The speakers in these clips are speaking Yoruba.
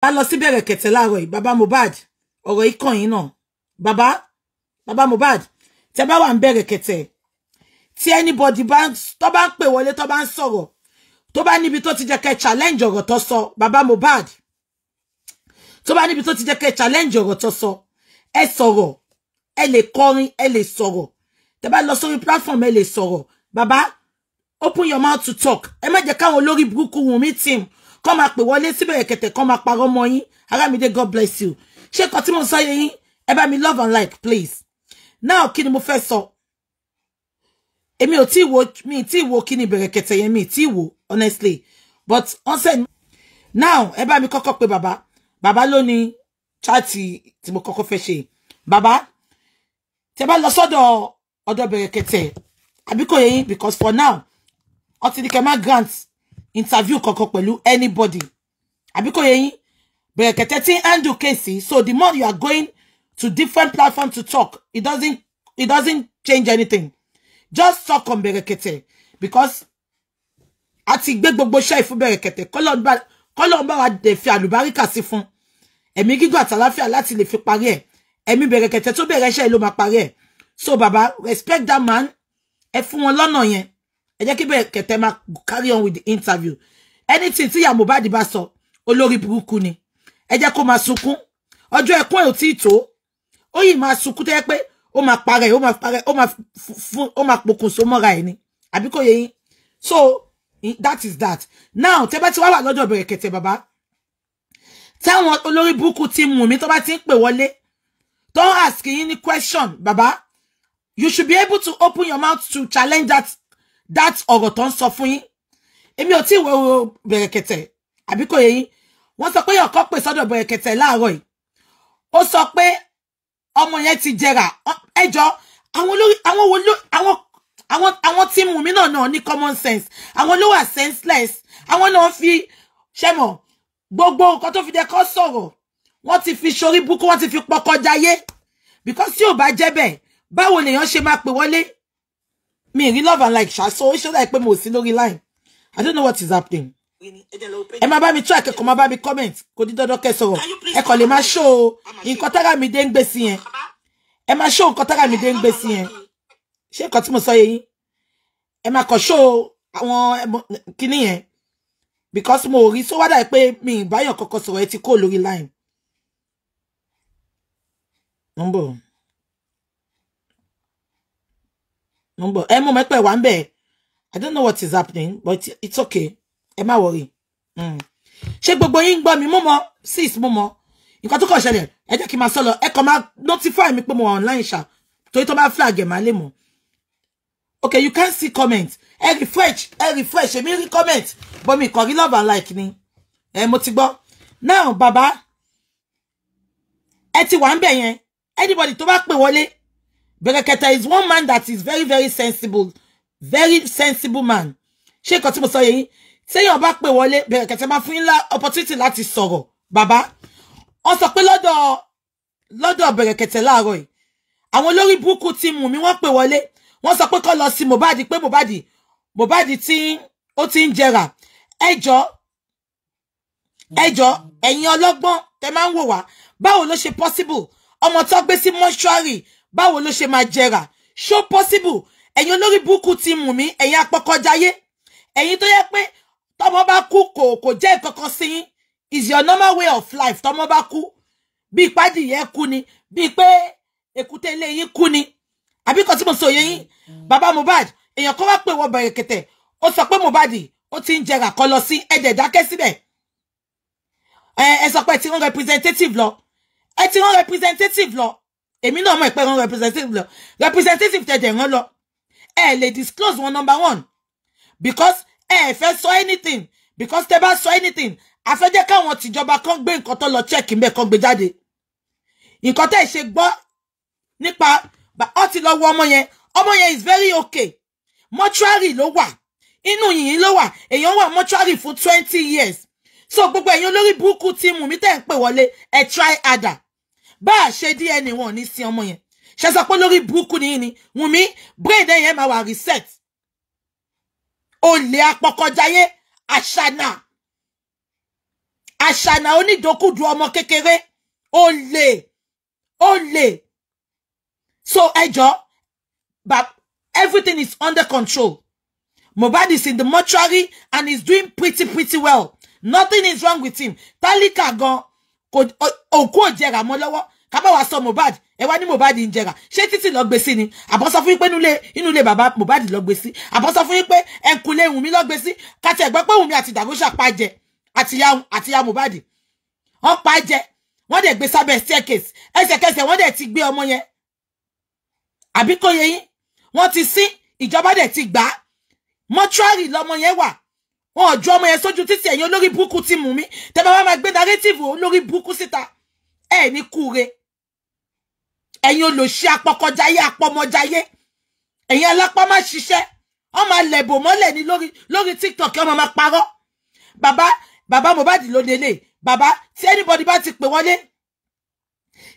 bá lọ sí bẹ̀rẹ̀ kete láàárọ̀ yìí bàbá Mohbad ọ̀rọ̀ yìí kàn yín náà bàbá bàbá Mohbad tẹ bá wà ń bẹ̀rẹ̀ kẹ̀tẹ̀ tí anybody bá To bá pe pè wọlé tó bá ń sọ̀rọ̀ tó bá níbi ti jẹ́ kẹ́ challenge ọ̀rọ̀ tó sọ bàbá Mohbad tó bá níbi tó ti jẹ́ kẹ́ challenge ọ̀rọ̀ tó sọ ẹ sọ̀rọ̀ ẹ lè kọrin ẹ lè sọ̀rọ̀ tẹ bá lọ sórí platform ẹ lè sọ̀rọ̀ bàbá open your mouth to talk ẹ má jẹ́ káwọn olórí burúkú Wunmi team kọ́ máa pè wọlé síbẹ̀ ẹ̀kẹ̀tẹ̀ kọ́ máa parọ́ mọ́ yín Aramide God bless you ṣé kan tí mo sọ yẹ yín ẹ bá mi love and like please now kí ni mo fẹ́ sọ èmi ò tí wo mi tí wo kí ni ìbẹ̀rẹ̀ kẹ̀tẹ̀ yẹn mi tí wo honestly but wọ́n now ẹ bá mi kọ́kọ́ pé bàbá bàbá ló ní chaati tí mo kọ́kọ́ fẹ́ ṣe bàbá tẹ bá lọ sọ́dọ̀ ọ̀dọ̀ bẹ̀rẹ̀ kẹ̀tẹ̀ àbí kò because for now ọtí ni kẹ má grant interview kankan pẹ̀lú anybody Abiko kò yẹ yín bẹ̀rẹ̀ kẹ̀tẹ́ tí so the more you are going to different platforms to talk it doesn't it doesn't change anything just talk on bẹ̀rẹ̀ kẹ̀tẹ́ because ati ti gbé gbogbo iṣẹ́ ìfún bẹ̀rẹ̀ kẹ̀tẹ́ kọ́lọ́n bá wa dẹ̀ fi àlùbáríkà sí Emi ẹ̀mí atala fi alati lè fi parí Emi ẹ̀mí bẹ̀rẹ̀ kẹ̀tẹ́ tó bẹ̀rẹ̀ iṣẹ́ ló máa so baba respect that man ẹ fún wọn lọ́nà yẹn ẹ jẹ́ kí bẹ́ẹ̀ kẹ̀tẹ́ carry on with the interview anything tí ìyá Mohbad bá sọ olórí burúkú ni ẹ jẹ́ kó máa sunkún ọjọ́ ẹkún ẹ̀ ò tí ì tó ó yìí máa sunkún tẹ́ pé ó máa parẹ́ ó máa parẹ́ ó máa fún ó máa ni àbí kò yẹ so that is that now tẹ́ bá ti wá wà lọ́jọ́ bẹ̀rẹ̀ kẹ̀tẹ́ bàbá táwọn olórí burúkú ti mú mi tó bá ti ń pè wọlé ask any question Baba. you should be able to open your mouth to challenge that that ọ̀rọ̀ tó ń sọ fún yín èmi ò tí ì wo bẹ̀rẹ̀kẹ̀tẹ̀ àbí kò yẹ yín wọ́n sọ pé ọ̀kọ́ pè sọ́dọ̀ bẹ̀rẹ̀kẹ̀tẹ̀ láàárọ̀ yìí ó sọ pé ọmọ yẹn ti jẹrà ẹjọ́ àwọn olórí àwọn wo ló àwọn àwọn àwọn tí mú mi náà náà ní common sense àwọn ló wà senseless àwọn náà fi ṣẹmọ gbogbo nǹkan tó fi dẹ kọ sọ̀rọ̀ wọ́n ti fi ṣorí búkú wọ́n ti fi pọkọ jayé because tí ò bá jẹ́ bẹ́ẹ̀ báwo lèèyàn ṣe máa pè wọlé Me, rí love and like ṣá so ó ṣe láì pé mo see lórí line i don't know what is happening. ẹ máa bá mi try kẹ́kọ̀ọ́ máa bá mi comment kò ní dandan kẹ́ sọ̀rọ̀ ẹ kàn lè máa ṣó nǹkan tára mi dé ń gbé sí yẹn ẹ máa ṣó nǹkan tára mi dé ń gbé sí yẹn ṣé nǹkan tí mo sọ yẹn ẹ máa kàn ṣó àwọn kinní yẹn because mo rí so wádà pé mi ìbáyọ̀ kọ̀ọ̀kan sọ̀rọ̀ ẹ ti kó lórí line. number Number, ń bọ̀ ẹ mú mẹ́pẹ́ wà i don't know what is happening but it's okay ẹ má worry mm. ṣé gbogbo yín ń mi mú sis mú mọ́ nǹkan tó kàn ṣẹlẹ̀ ẹ jẹ́ kí n máa sọ lọ ẹ notify mi pé mo online ṣá to tó bá flag ẹ̀ máa lè mọ̀ okay you can see comment ẹ refresh ẹ refresh èmi rí comment But mi kàn rí love and like ni ẹ mo ti gbọ́ now Baba. ẹ ti wà ń bẹ̀ anybody to bá pè wọlé Bereketa is one man that is very very sensible very sensible man She nǹkan tí Say sọ yẹn téèyàn bá pè wọlé Bereketa máa fún yín lá opportunity láti sọ̀rọ̀ bàbá wọ́n sọ pé lodo lodo Bereketa láàárọ̀ yìí àwọn lori burúkú ti mú mi wọ́n pè wọlé wọ́n sọ pe kó lọ sí Mohbad pé Mohbad Mohbad tí ó ti ń jẹrà ẹjọ́ ẹjọ́ ẹ̀yin ọlọ́gbọ́n tẹ máa ń wò wá báwo ló possible ọmọ tó gbé sí báwo ló ṣe máa jẹrà ṣó possible ẹ̀yin olórí burúkú ti mú mi ẹ̀yin apọkọjáyé ẹ̀yin tó yẹ pé tọmọ bá kú kò kò jẹ́ ìkankan sí yín is your normal way of life tọmọ bá kú bí ìpàdé yẹn kú ni bí pé èkúté ilé yín kú ni àbí kan tí mo sọ yẹ yín bàbá Mohbad èèyàn kan wá pè wọ bẹ̀rẹ̀ kẹ̀tẹ̀ ó sọ pé Mohbad ó ti ń jẹrà kọ lọ sí ẹ̀jẹ̀ dákẹ́ síbẹ̀ ẹ sọ pé ẹ ti rán representative lọ ẹ ti rán representative lọ èmi náà mọ̀ ìpẹ́ wọn representative lọ representative tẹ̀tẹ̀ wọn lọ ẹ lè disclose one number one because ẹ eh, fẹ́ sọ anything because tẹ bá sọ anything àfẹ́jẹ́ káwọn tìjọba kan gbé nǹkan tó lọ check mbẹ́ kan gbé jáde nǹkan tẹ́ ẹ ṣe gbọ́ nípa ọ ti lọ wọ ọmọ yẹn ọmọ yẹn is very okay mortuary ló wà inú yìnyín ló wà èèyàn wà mortuary for twenty years so gbogbo èèyàn lórí burúkú tíìmù mi tẹ́ ń pè wọlé ẹ try harder bá a ṣe DNA wọn ní sí ọmọ yẹn ṣe sọ pé lórí burúkú ni ni Wùnmí brain yẹn máa wà reset olè apọkọjáyé àṣànà àṣànà onídokùdù ọmọ kékeré olè olè so ẹjọ but everything is under control Mohbad is in the mortuary and is doing pretty pretty well nothing is wrong with him tálíkà gan òkú òjẹrà mọ́ lọ́wọ́ kábà wá sọ Mohbad ẹ wá ní Mohbad ń jẹrà ṣé títì lọ gbé ni àbọ̀ sọ fún yín pé inú ilé bàbá Mohbad lọ gbé sí àbọ̀ sọ fún yín pé ẹ̀kúnlé Wùnmí lọ gbé sí kàtẹ́ ẹ̀gbọ́n pé Wùnmí àti Dàgóṣà pa jẹ àtìyá Mohbad wọ́n pa jẹ wọ́n gbé sábẹ́ staircase ẹsẹ̀kẹsẹ̀ wọ́n dẹ̀ ti gbé ọmọ yẹn àbí kò yẹ yín wọ́n ti sin ìjọba dẹ̀ ti gbà á mọ́túárì lọmọ yẹn wà wọn ò ju ọmọ yẹn sójú títí ẹ̀yin olórí burúkú ti mú mi tẹ́ bá wá máa gbé narrative olórí burúkú síta ẹ̀ ní kúre ẹ̀yin olòṣì apọkọjáyé apọmọjáyé ẹ̀yin alápá má ṣiṣẹ́ wọ́n máa lẹ̀bò mọ́lẹ̀ ní lórí lórí tiktok wọ́n máa parọ́ bàbá bàbá Mohbad ló nílé bàbá tí anybody bá ti pè wọlé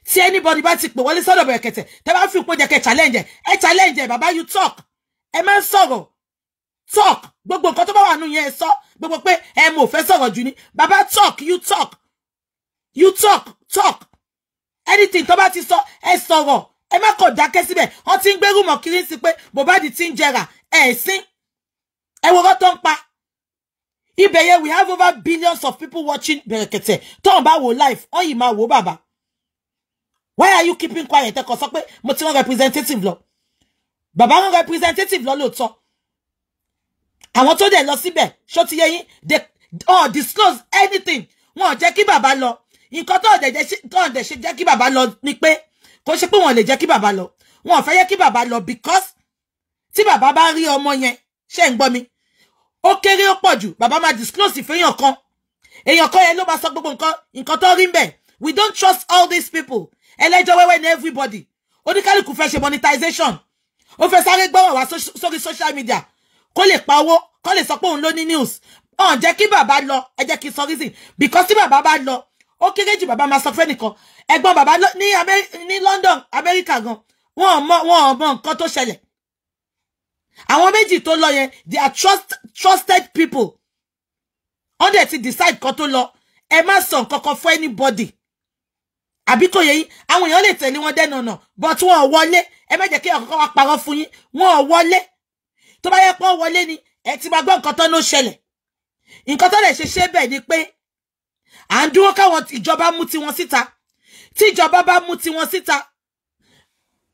tí anybody bá ti pè wọlé sọ́dọ̀ Brekete tẹ́ bá fi ipò jẹ́ challenge ẹ challenge bàbá you talk ẹ máa ń sọ̀rọ̀ talk gbogbo nǹkan tó bá wà nù yẹn ẹ sọ gbogbo pé ẹ mò fẹ́ sọ̀rọ̀ jù ni bàbá talk you talk you talk talk anything tó bá ti sọ ẹ sọ̀rọ̀ ẹ má kàn dákẹ́ síbẹ̀ wọ́n ti ń gbé rúmọ̀ kiri sí pé Mohbad ti ń jẹrà ẹ̀sìn ẹwọ́rọ́ tó ń pa ibẹ̀ yẹn we have over billions of people watching bẹ̀rẹ̀kẹ̀tẹ̀ tó ń bá wo live wọ́n yìí máa wo bàbá why are you keeping quiet ẹ kàn sọ pé mo ti rán representative lọ bàbá rán representative lọ lóòótọ́ àwọn tó dẹ̀ lọ síbẹ̀ ṣó ti yẹ yín they all disclose anything wọn ò jẹ́ kí bàbá lọ nǹkan tó ọ̀dẹ̀ tó ọ̀dẹ̀ ṣe jẹ́ kí bàbá lọ ni pé kò ṣe pé wọ́n lè jẹ́ kí bàbá lọ wọn fẹ́ yẹ kí bàbá lọ because tí bàbá bá rí ọmọ yẹn ṣe ń gbọ́ mi ó kéré ó pọ̀ jù bàbá máa disclose ìfẹ́yàn kan èèyàn kan yẹn ló máa sọ gbogbo nǹkan nǹkan tó rí ń bẹ̀ we don't trust all these people ẹlẹ́jọ́ wẹ́wẹ́ ni everybody oníkálukú fẹ́ ṣe monetization ó fẹ́ sáré gbọ́rọ̀ wá sórí social media kó lè pa owó kó lè sọ pé òun ló ní news ọ̀n jẹ́ kí bàbá lọ ẹ jẹ́ kí sọ reason because tí bàbá bá lọ ó kéré jù bàbá máa sọ fẹ́nìkan ẹ̀gbọ́n bàbá ní London Amẹ́ríkà gan wọn ò mọ wọn ò mọ nǹkan tó ṣẹlẹ̀ àwọn méjì tó lọ yẹn they are trust, trusted people wọ́n dẹ̀ ti decide kan tó lọ ẹ má sọ nǹkan fún anybody àbí kò yẹ yín àwọn èèyàn lè tẹ̀lé wọn dẹ́nu ọ̀nà but wọn ò wọlé ẹ má jẹ́ kí ọ̀kọ̀ọ̀kan wa parọ́ fún yín wọn ò wọlé tó bá yẹ pé wọ́n wọlé ni ẹ ti máa gbọ́ nǹkan tó ló ṣẹlẹ̀ nǹkan tó lè ṣe ṣe bẹ́ẹ̀ ni pé à ń dúró káwọn ìjọba mú tiwọn síta tíjọba bá mú tiwọn síta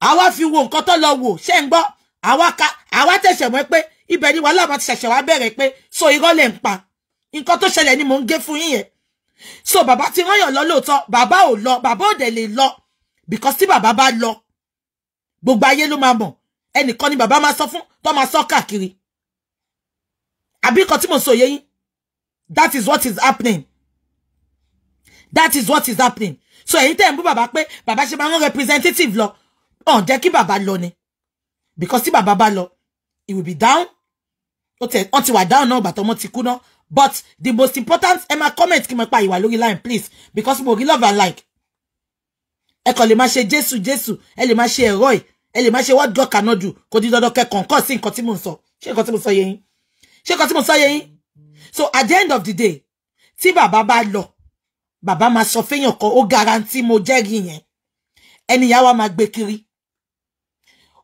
àwa fi wo nǹkan tó lọ wò ṣe ń gbọ́ àwa ka àwa tẹ̀sẹ̀ mọ́ pé ibẹ̀ ni wàhálà máa ti ṣẹ̀ṣẹ̀ wá bẹ̀rẹ̀ pé so irọ́ lẹ̀ ń pa nǹkan tó ṣẹlẹ̀ ni mò ń gé fún yín yẹn so bàbá ti rányàn lọ lóòótọ́ bàbá ò lọ bàbá ò dẹ̀ lè lọ because tí bàbá bá lọ gbogbo ayé ló máa mọ̀ ẹnìkan ni bàbá máa sọ fún tó máa sọ káàkiri àbí tí mo sọ yé yín that is what is happening that is what is happening so ẹ̀yin tẹ́ ń bú bàbá pé bàbá ṣe máa representative lọ ọ̀n jẹ́ kí bàbá lọ ni because tí bàbá bá lọ he will be down ó tẹ ọ ti wà down no, but ọmọ ti kú náà but the most important ẹ máa comment kí n máa pa ìwà lórí line please because mo rí love and like ẹ kàn lè máa ṣe jésù jésù ẹ lè máa ṣe ẹ̀rọ ẹ̀ ẹ lè máa what God cannot do kò di dandan kẹkàn kàn sí nǹkan tí mò ń sọ ṣé nǹkan mo sọ yé yín ṣé nǹkan mo sọ yé so at the end of the day tí bàbá bá lọ Baba máa sọ fẹ́yàn kan ó garanti mo jẹ́rìí eni ẹnìyàn wa máa gbé kiri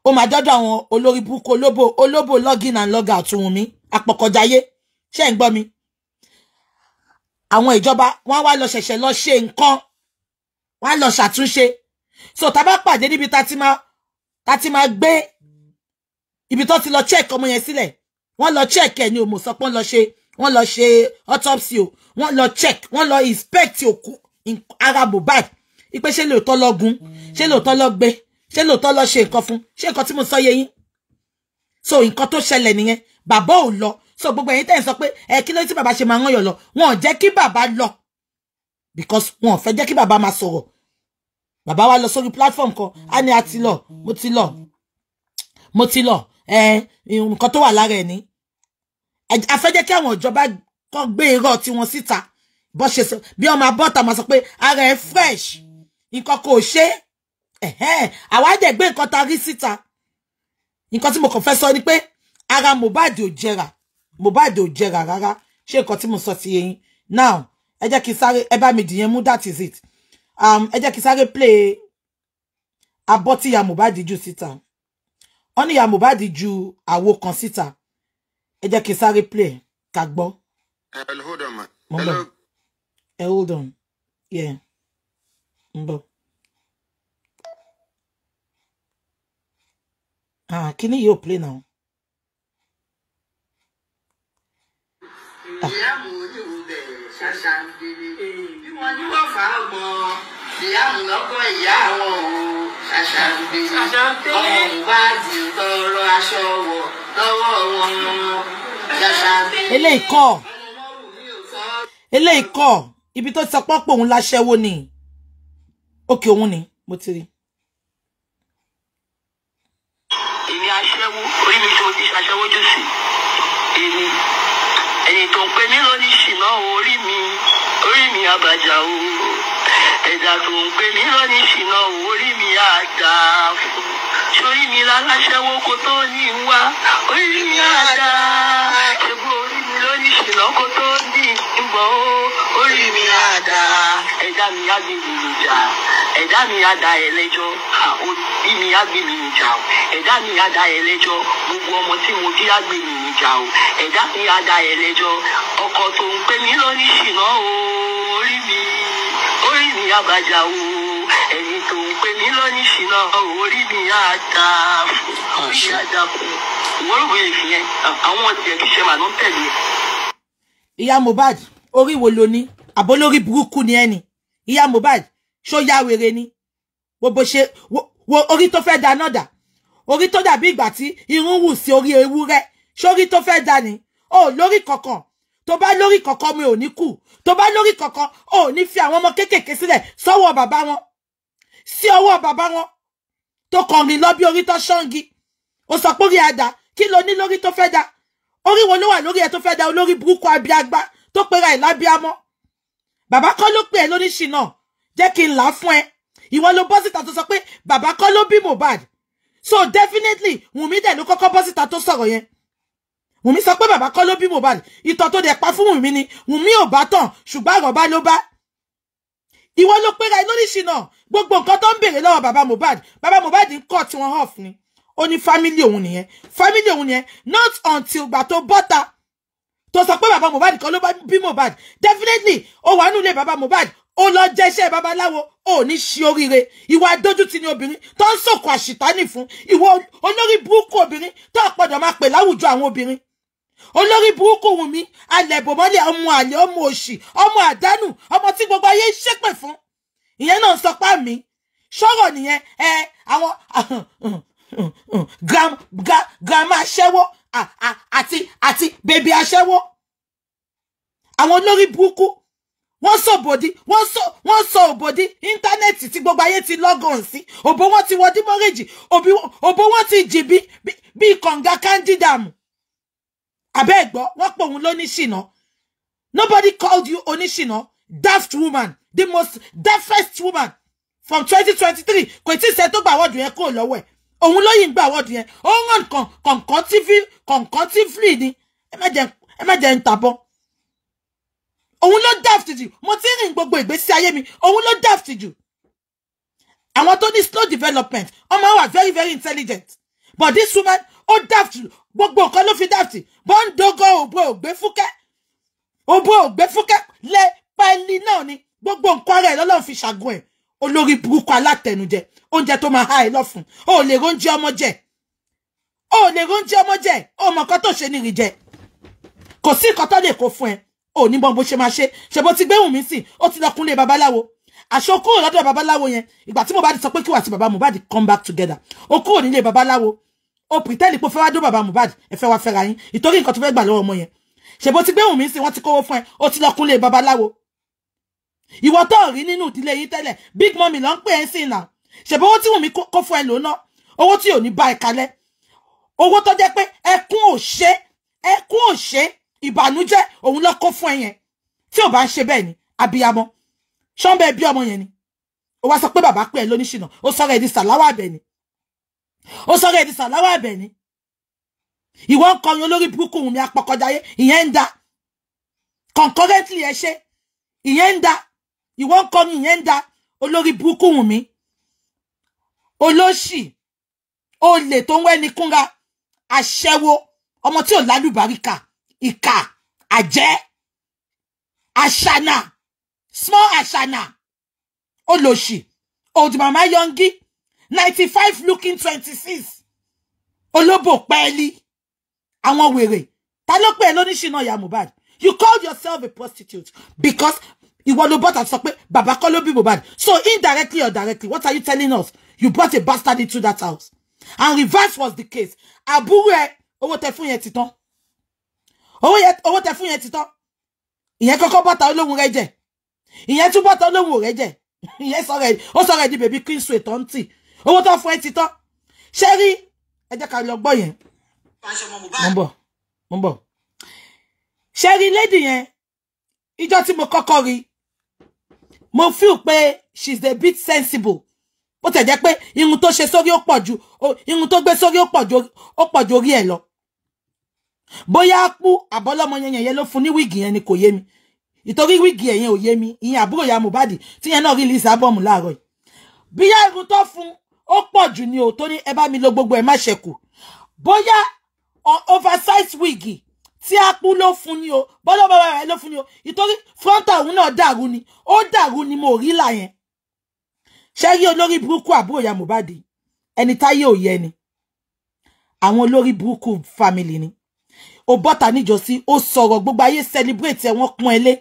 ó máa dọ́dọ̀ àwọn olórí burúkú olóbò olóbò login and log out wùn mí apọ̀kọ̀jáyé ṣé ń gbọ́ mi àwọn ìjọba wọ́n wá lọ ṣẹ̀ṣẹ̀ lọ ṣe nǹkan wọ́n á lọ ṣàtúnṣe so tá a bá pàdé níbi tá a ti máa gbé ibi tó ti lọ check ọmọ yẹn sílẹ̀ wọ́n lọ check ẹ̀ ni òmò sọ pé wọ́n lọ ṣe wọ́n lọ ṣe autopsy o wọ́n lọ check wọ́n lọ inspect òkú ara Mohbad ipe ṣé lóòótọ́ lọ gún ṣé lóòótọ́ lọ gbé ṣé lóòótọ́ lọ ṣe nǹkan fún ṣé nǹkan tí mo sọ yé so nǹkan tó ṣẹlẹ̀ nìyẹn bàbá ò lọ so gbogbo ẹ̀yin tẹ̀ ń sọ pé ẹ kí ló tí bàbá ṣe máa ń yàn lọ wọn ò jẹ́ kí bàbá lọ because wọn ò fẹ́ jẹ́ kí bàbá máa sọ̀rọ̀ bàbá wa lọ sórí platform kan á ní a ti lọ mo ti lọ mo ti lọ ẹ nǹkan tó wà lára ẹ̀ ní a fẹ́ jẹ́ kí àwọn ìjọba kọ́ gbé irọ́ tiwọn síta bó ṣe sọ bí ọmọ abọ́ta máa sọ pé ara ẹ fresh nǹkan kò ṣe àwa dẹ̀ gbé nǹkan ta rí síta nǹkan tí mo kàn fẹ́ sọ ni pé ara Mohbad ò jẹrà Mohbad ò jẹrà rárá ṣé nǹkan tí mo sọ ti yẹn now ẹ jẹ́ kí sáré ẹ bá mi dìyẹn mú that is it um, ẹ jẹ́ kí sáré play abọ́ tí ya Mohbad jù síta wọ́n ní ya Mohbad ju àwo kan síta ẹ jẹ́ kí n sáré play ká gbọ́. Eh, hold on ma. mo ń ẹ hold on yeah ń bọ̀. ah kini yóò play now. ìyá mo ní òun ṣàṣà ń bí wọ́n ní wọ́n fà á gbọ́ ìyá mo lọ́gọ́ ìyá àwọn òun ṣàṣà ń ọmọ òun bá ti tọrọ aṣọ wọ̀ eléyìí kọ́ eléyìí kọ́ ibi tó ti sọ pọ́pọ̀ òun láṣẹ́wó ni òkè òun ni mo ti rí. èmi aṣẹ́wó orí mi tó ti ṣàṣẹ́wó jù sí èmi ẹ̀yìn tó ń pè mí lónìí ṣìnà orí mi orí mi àbàjá o ẹ̀dà tó ń pè mí lónìí ṣìnà orí mi àjà fún orí mi láláṣẹ́wó kó tó ní í wá orí mi àdá ṣùgbọ́n orí mi ló ní ṣìlọ́ kó tó ní ìgbọ́ ó orí mi àdá ẹ̀dá mi á gbé mi nìjà ẹ̀dá mi á da ẹ lẹ́jọ́ orí mi á gbé mi nìjà o ẹ̀dá mi á da ẹ gbogbo ọmọ tí mo bí á gbé mi nìjà o ẹ̀dá mi á da ẹ lẹ́jọ́ tó ń pè mí lọ ṣìlọ́ o orí mi mi àbájá o tó ń pè mí lọ́ní ṣìnà orí mi àdá ah, orí mi àdá fún ìwọ́n rògbò èsì yẹn àwọn ọ̀tí ẹ̀kí ṣe màá ló ń tẹ̀lé. ìyá Mohbad orí wo lo ní àbólórí burúkú ni ẹni ìyá Mohbad ṣó yá wèrè ni wo bó ṣe wo orí tó fẹ́ dáná dà orí tó dàbí ìgbà tí irun wù sí orí ewúrẹ́ ṣórí tó fẹ́ dání o lórí kankan tó bá lórí kankan mi ò ní kú tó bá lórí kankan ò ní fi àwọn ọmọ kéékèèké sílẹ̀ sọ́wọ́ bàbá wọn sí ọwọ́ bàbá wọn tó kọrin lọ bí orí tó ṣọ́ngi ó sọ pé orí àdá kí lo ní lórí tó fẹ́ da orí wo ló wà lórí ẹ tó fẹ́ da olórí burúkú abiagbá tó pera ẹ̀ lábíamọ́ bàbá kọ́ ló pè é lóníṣì náà jẹ́ kí n là á fún ẹ ìwọ ló bọ́ síta tó sọ pé bàbá kọ́ ló bí Mohbad so definitely Wùnmí dẹ̀ ló kọ́kọ́ bọ́ síta tó sọ̀rọ̀ yẹn wùmí sọ pé bàbá kọ́ ló bí Mohbad ìtọ̀ tó dẹ̀ pa fún wùmí ni wùmí ò bá tàn ṣùgbọ́n àrọ̀bá ló bá ìwọ ló pera iná níṣì náà gbogbo nǹkan tó ń béèrè lọ́wọ́ bàbá Mohbad bàbá Mohbad ń kọ́ tiwọn off ni ó ní fámílì òun nìyẹn fámílì òun nìyẹn not until gbà tó bọ́ta tó sọ pé bàbá Mohbad kan ló bí Mohbad definitely ó wà nílé bàbá Mohbad ó lọ jẹ iṣẹ́ babaláwo ó ní ṣe oríire ìwà adójútì ni obìnrin tó ń sòkò àṣìtánì fún ìwọ olórí burúkú obìnrin tó àpọ̀dọ̀ máa pè láwùjọ àwọn obìnrin olórí burúkú wù mí alẹ̀ bòmọ́lẹ̀ ọmọ àlè ọmọ òṣì ọmọ àdánù ọmọ tí gbogbo ayé ń ṣépè fún ìyẹn náà sọ pá mi sọ̀rọ̀ nìyẹn ẹ àwọn grandma aṣẹ́wó àti àti bèbí aṣẹ́wó àwọn olórí burúkú wọ́n sọ òbòdì wọ́n sọ wọ́n sọ òbòdì íńtánẹ́ẹ̀tì tí gbogbo ayé ti lọ́gàn sí òbó wọn ti wọ dímọ́rèjì òbó wọn ti jì bí bí kànga kándídàmù abẹ́ ẹ̀gbọ́ wọ́n pè òun lóníṣìnà nobody called you oníṣìnà daft woman the most daftest woman from twenty twenty three kò tí ì sẹ́ tó gba àwọ̀dù yẹn kúrò lọ́wọ́ ẹ̀ òun ló yìí ń gba àwọ̀dù yẹn ó ń hàn kọ̀ǹkọ̀ǹtífìlì ni ẹ má jẹ́ ń tàbọ̀ òun ló daft jù mo ti rìn gbogbo ìgbésí ayé mi òun ló daft jù àwọn tó ní slow development ọmọ wa very very intelligent but this woman ó daft gbogbo nǹkan ló fi daft bọ́ńdógó ògbó ògbé fúkẹ́ ògbó ògbé fúkẹ́ lẹ pẹ́ẹ́lí náà ni gbogbo nǹkan ara ẹ̀ lọ́lọ́run fi ṣàgùn ẹ̀ olórí burúkú alátẹnujẹ oúnjẹ tó máa há ẹ lọ́fun o ò lè róúnjẹ ọmọ jẹ o ò lè róúnjẹ ọmọ jẹ o mọ̀ nǹkan tó ṣe ní ìrìjẹ kò sí nǹkan tó lè kó fún ẹ o ní bọ́n bó ṣe máa ṣe ṣe bó ti gbé wùmí sí ó ti lọ babaláwo àṣọ kúrò lọ́dọ̀ babaláwo yẹn ìgbà tí Mohbad sọ pé kí wà àti bàbá Mohbad come back together ó kúrò nílé babaláwo o pretend pé o fẹ́ wá dó bàbá Mohbad ẹ fẹ́ wá fẹ́ra yín ìtorí nǹkan tó fẹ́ gbà lọ́wọ́ ọmọ yẹn ṣèbó ti gbé wùn mí sí wọ́n ti kówó fún ẹ o ti lọ kúnlé babaláwo ìwọ tó rí nínú ìdílé yìí tẹ́lẹ̀ big mommy ló ń pè é sí ìnà ṣèbó owó tí wùn mí kó fún ẹ lò ná owó tí ò ní bá ẹ kalẹ̀ owó tó jẹ́ pé ẹkún òṣè ẹkún òṣè ìbànújẹ́ òun ló kó fún ẹ yẹn tí ò bá ń ṣe ni abiyamọ ṣọ́nbẹ́ bí ọmọ yẹn ni ó wá sọ pé bàbá pé ẹ lóníṣìnà ó sọ̀rọ̀ ẹ̀ di sàláwà bẹ́ẹ̀ ni ó re ẹ̀dí sàláwà ẹ̀bẹ̀ ni ìwọ ń kọrin olórí burúkú mi apọkọjáyé ìyẹn ń da concurrently ẹ ṣe ìyẹn ń da ìwọ buku kọrin ìyẹn ń da olórí burúkú mi olóṣì olè tó ń wẹ́ni kúnra aṣẹ́wó ọmọ tí ò lálùbáríkà ìkà àjẹ́ àṣànà small àṣànà olóṣì òdìmọ̀má yọngí 95 looking 26, six olóbò pẹ́ẹ́lí àwọn wèrè ta ló pè é lóníṣìná ìyá Mohbad you called yourself a prostitute because ìwọ ló bọ́tà sọ pé bàbá kọ́ ló bí Mohbad so indirectly or directly what are you telling us you brought a bastard into that house and reverse was the case àbúrò ẹ owó tẹ fún yẹn ti tán owó tẹ fún yẹn ti tán ìyẹn kọ́kọ́ bọ́tà olóhùn rẹ jẹ ìyẹn tún bọ́tà olóhùn rẹ jẹ ìyẹn sọ̀rọ̀ ó sọ̀rọ̀ ẹ di bèbí kí n sùn ètò ń owó tó fún ẹ ti tọ́ ṣé rí ẹ jẹ́ ká lọ gbọ́ mo ń mo ń bọ̀ lady yẹn ìjọ tí mo kọ́kọ́ rí mo feel pé she's a bit sensible ó tẹ̀ jẹ́ pé irun tó ṣe sórí ó pọ̀ ju irun tó gbé sórí ó pọ̀ ju orí ẹ̀ lọ bóyá pú àbọ́lọ́mọ yẹn yẹn ló fún ní wíìgì yẹn ni kò yé mi ìtorí wíìgì ẹ̀yẹn ò yé mi ìyẹn àbúrò ya Mohbad tíyẹn náà release album láàárọ̀ yìí bíyá irun tó fún ó pọ̀ jù ni o tó ẹ bá mi lo gbogbo ẹ̀ má ṣẹ̀kù bóyá oversize wig tí a kú ló fún ni o bọ́lá bàbá rẹ̀ ló fún ni o ìtorí frontal òun náà dàrú ni ó dàrú ni mo rí là yẹn ṣé rí olórí burúkú àbúrò Mohbad ẹni táyé ò ni àwọn olórí burúkú family ni ó bọ́ta níjọ́sí ó sọ̀rọ̀ gbogbo ayé celebrate ẹ̀ wọ́n pọ́n ẹ lé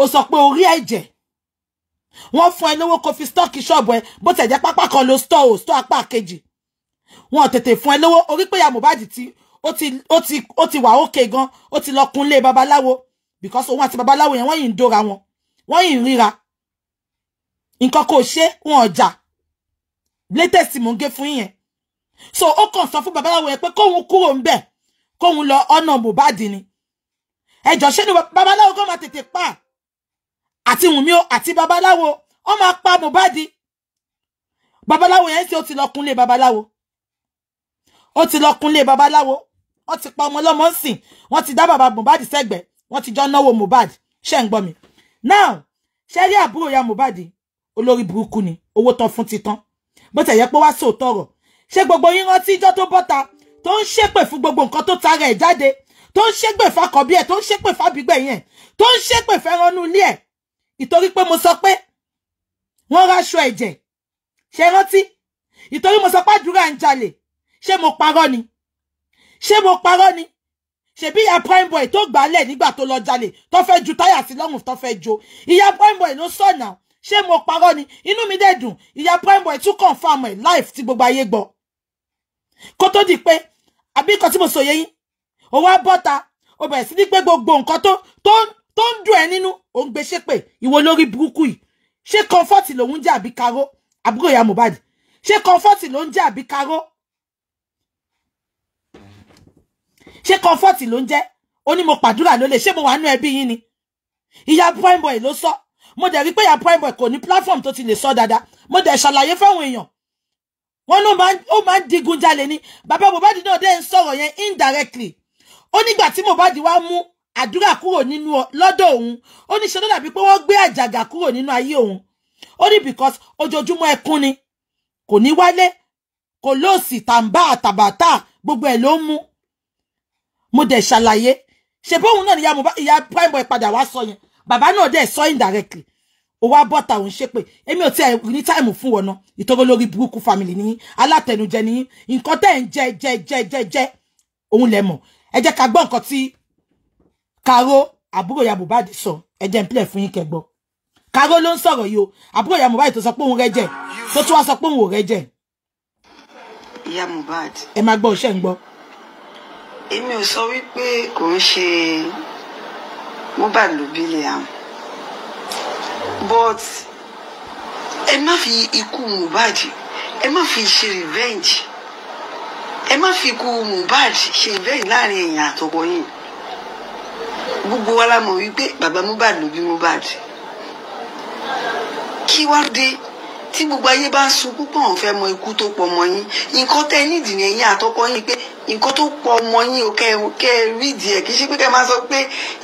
ó sọ pé orí ẹ̀jẹ̀ wọ́n fún ẹ lówó kó fi stọ́ọ̀kì ṣọ́ọ̀bù ẹ bó tẹ̀ jẹ́ pápá kan lo stọ́ọ̀ ò stọ́ọ̀ apá kejì wọn tètè fún ẹ lówó orí pé ya Mohbad ti ó ti ó ti ó ti wà ókè gan ó ti lọ kunlé babaláwo because òun àti babaláwo yẹn wọ́n yìí ń dóra wọn wọ́n yìí ń ríra nǹkan kò ṣe wọn ọjà latest mò ń gé fún yẹn so ó kàn sọ fún babaláwo yẹn pé kóun kúrò ń bẹ̀ kóun lọ ọ̀nà Mohbad ni ẹjọ́ ṣé ni babaláwo kan máa tètè pa á àti Wùnmí o àti babaláwo wọ́n máa pa Mohbad babaláwo yẹn tí ó ti lọ kúnlé babaláwo ó ti lọ kúnlé babaláwo wọ́n ti pa ọmọ ọlọ́mọ sìn wọ́n ti dá bàbá Mohbad sẹ́gbẹ̀ẹ́ wọ́n ti jọ náwó Mohbad ṣe ń gbọ́ mi now ṣe rí àbúrò ya Mohbad olórí burúkú ni owó tán fún titan bó tẹ̀ yẹ pé wá sóòótọ́ ọ̀rọ̀ ṣé gbogbo yín rántí ijọ́ tó bọ́ta tó ń ṣépè fún gbogbo nǹkan tó tara ẹ̀ jáde tó ń ṣépè fákọ̀bí ẹ̀ tó ń ṣépè fábígbẹ̀yìn ẹ̀ tó ń ṣépè fẹ́ránú ilé ẹ̀ ìtorí pé mo sọ pé wọ́n ráṣọ ẹ̀jẹ̀ ṣe rántí ìtorí mo sọ pé àdúrà ń jalè ṣé mo parọ́ ni ṣé mo parọ́ ni ṣebí ìyá prime boy tó gbálẹ̀ nígbà tó lọ jalè tó fẹ́ ju táyà sí lọ́rùn tó fẹ́ jo ìyá prime boy ló sọ̀nà ṣé mo parọ́ ni inú mi dẹ̀ dùn ìyá prime boy tún confirm ẹ̀ life tí gbogbo ayé gbọ́ kó tó di pé àbí nǹkan tí mo sòye yín òun á bọ́ta ó bẹ̀rẹ̀ sí ní pé gbogbo nǹkan tó tó tó ń dùn ẹ nínú ò ń gbé ṣépè ìwọ lórí burúkú yìí ṣé comfort lòun ń jẹ àbí karo àbúrò ìyá Mohbad ṣé comfort ló ń jẹ àbí karo ṣé comfort ló ń jẹ ó ní mo pàdúrà ló lè ṣé mo wà nú ẹbí yín ni ìyá prime boy ló sọ mo dẹ̀ rí pé ìyá prime boy kò ní platform tó ti lè sọ dáadáa mo dẹ̀ ṣàlàyé fáwọn èèyàn wọn ló máa ń digun jalè ni bàbá Mohbad náà dẹ́ ń sọ̀rọ̀ yẹn indirectly ó nígbà tí Mohbad wá mú àdúrà kúrò nínú lọ́dọ̀ òun ó ní ṣe ló dàbí pé wọ́n gbé àjàgà kúrò nínú ayé òun ó ní because ojoojúmọ́ ẹkún ni kò ní wálé kò lóòsì tàǹbà àtàbàtà gbogbo ẹ̀ ló ń mú mo dẹ̀ ṣàlàyé ṣe bóun náà níyà ìyá prime boy padà wá sọ yẹn bàbá náà dẹ̀ sọ indirectly ó wá bọ́ta òun ṣépè èmi ò tí ẹ ní táìmù fún wọn náà ìtọ́rọ lórí burúkú family ní alátẹnujẹ ní nǹkan tẹ́ ń jẹ jẹ jẹ jẹ òun lẹ mọ̀ ẹ jẹ́ ká gbọ́ nǹkan tí karo àbúrò ya Mohbad sọ ẹ jẹ́ play fún yín kẹgbọ́ karo ló ń sọ̀rọ̀ yìí o àbúrò ya Mohbad tó sọ pé òun rẹ́jẹ̀ tó tún wá sọ pé òun ò rẹ́jẹ̀. ìyá Mohbad. ẹ máa gbọ́ òṣẹ́ ń gbọ́. èmi ò sọ wípé kò ń ṣe Mohbad ló bí Liam but ẹ má fi ikú Mohbad ẹ má fi ṣe revenge ẹ má fi ikú Mohbad ṣe revenge láàrin èèyàn àtọkọ yìí gbogbo wa la mọ̀ wípé bàbá Mohbad ló bí Mohbad kí wá dé tí gbogbo ayé bá ń sunkún pọ̀ ń fẹ́ mọ ikú tó pọ̀ mọ́ yín nǹkan tẹ́ nídìí ni ẹ̀yin àtọkọ yín pé nǹkan tó pọ̀ mọ́ yín o kẹ́ ẹ rídìí ẹ̀ kì í ṣe pé kẹ́ ẹ máa sọ pé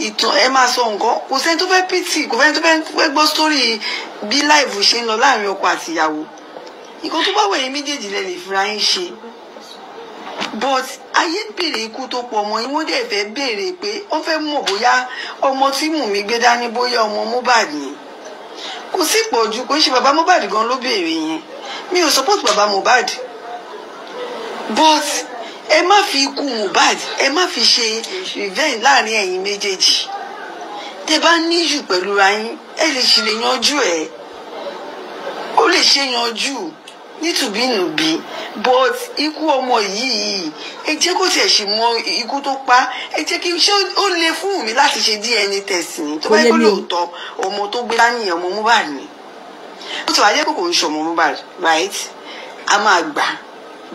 ìtàn ẹ máa sọ nǹkan kò sẹ́ni tó fẹ́ pìtì kò sẹ́ni tó fẹ́ gbọ́ sórí bí láìfù ṣe ń lọ láàrin ọkọ àti ìyàwó nǹkan tó bá wẹ̀ méjèèjì lẹ lè fira yín ṣe but ayé béèrè ikú tó pọ̀ ọmọ yìí wọ́n dẹ̀ fẹ́ béèrè pé wọ́n fẹ́ mọ̀ bóyá ọmọ tí Wùnmí gbé dání bóyá ọmọ Mohbad ni kò sí ìpọ̀jù kò ń ṣe bàbá Mohbad gan ló béèrè yẹn mi ò support bàbá Mohbad but ẹ má fi ikú Mohbad ẹ má fi ṣe revenge láàrin ẹ̀yin méjèèjì tẹ bá ní jù pẹ̀lú ra yín ẹ lè ṣì lè yanjú ẹ ó lè ṣe yanjú nítùbínùbí but ikú ọmọ yìí ẹ jẹ́ kó tiẹ̀ ṣì mọ ikú tó pa ẹ jẹ́ kí ṣé ó le fún mi láti ṣe DNA test ni tó bá yẹ kó lóòótọ́ ọmọ tó gbé dání ọmọ Mohbad ni ó ti wá jẹ́ kókò ń ṣe ọmọ Mohbad right a máa gbà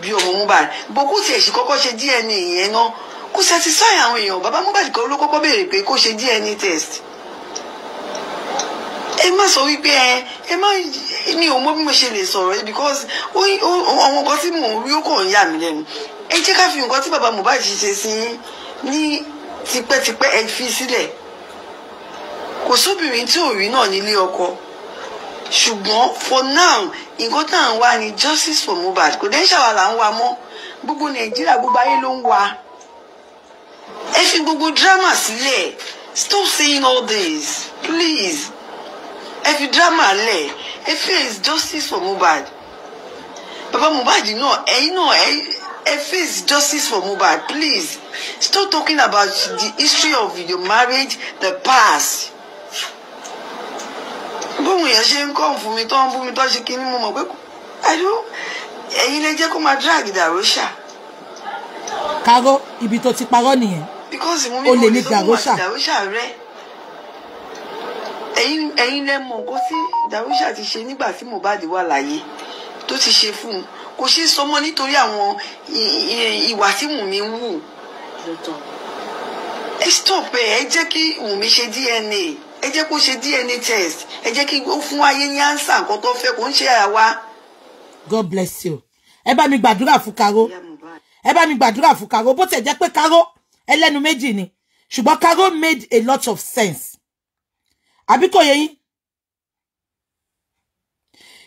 bí ọmọ Mohbad bó kó tiẹ̀ ṣì kọ́kọ́ ṣe DNA yẹn náà kó satisfy àwọn èèyàn bàbá Mohbad kan ló kọ́kọ́ béèrè pé kó ṣe DNA test ẹ má sọ wípé ẹ ẹ má mi ò mọ bí mo ṣe lè sọ̀rọ̀ because àwọn nǹkan tí mò ń rí ó kàn ń yà mí lẹ́nu ẹ jẹ́ ká fi nǹkan tí bàbá Mohbad ṣe sí ní tipẹ́tipẹ́ ẹ fi sílẹ̀ kò sóbìnrin tí ò rí náà nílé ọkọ ṣùgbọ́n for now nǹkan tá à ń wá ni justice for Mohbad kò dẹ́n ṣàwà là ń wa mọ́ gbogbo Nàìjíríà gbogbo ayé ló ń wa ẹ fi gbogbo drama sílẹ̀ stop saying all this please. Every drama le, ẹ face justice for Mohbad Papa Mohbad you know, náà ẹ face justice for Mohbad please stop talking about the history of your marriage the past bóun yẹn ṣe ń kọ́ fún mi tó ń bú mi tó ṣe kí ni mo mọ̀ pé àdó ẹ̀yin lè jẹ́ kó máa drag dàrósà. káró ibi tó ti parọ́ nìyẹn o lè ní dàrósà. dàrósà ẹ̀yin ẹ̀yin lẹ mọ̀ nǹkan Darusha ti ṣe nígbà tí Mohbad wà láyé tó ti ṣe fún un kò ṣeé sọ mọ́ nítorí àwọn ìwà tí Wùnmí ń wù ẹ stop ẹ ẹ jẹ́ kí Wùnmí ṣe DNA ẹ jẹ́ kó ṣe DNA test ẹ jẹ́ kí ó fún ayé ní ansa nǹkan tó fẹ́ kó ń ṣe àwa. God bless you ẹ bá mi gbàdúrà fún Karo ẹ bá mi gbàdúrà fún Karo bó tẹ̀ jẹ́ pé Karo ẹlẹ́nu méjì ni ṣùgbọ́n Karo made a lot of sense àbí kò yẹ yín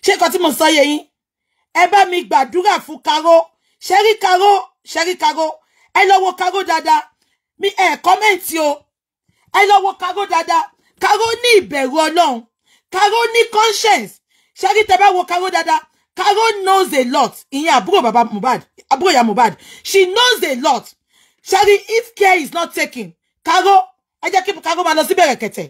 ṣé nǹkan tí mo sọ yẹ yín ẹ bá mi gbàdúrà fún karo ṣẹ́rí karo ṣẹ́rí karo ẹ lọ wo karo dada mi ẹ kọ́mẹ̀ntì yo. ẹ lọ wo karo dada. karo ni ìbẹ̀rù ọlọ́run karo ni conscience ṣẹ́rí tẹ bá wo karo dada. karo knows a lot ìyẹn àbúrò bàbá Mohbad àbúrò ya Mohbad she knows a lot ṣẹ́rí if care is not taken karo ẹ jẹ́ kí karo máa lọ sí bẹ̀rẹ̀ kẹ̀tẹ̀